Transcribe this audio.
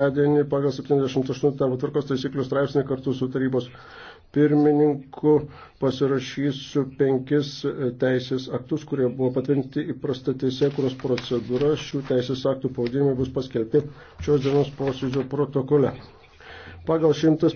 Penktadienį pagal 78 darbo tvarkos taisyklių straipsnį kartu su tarybos pirmininku pasirašysiu penkis e, teisės aktus, kurie buvo patvirtinti įprasta teisėkuros procedūra. Šių teisės aktų pavadinimai bus paskelbti šios dienos posėdžio protokole. Pagal 100.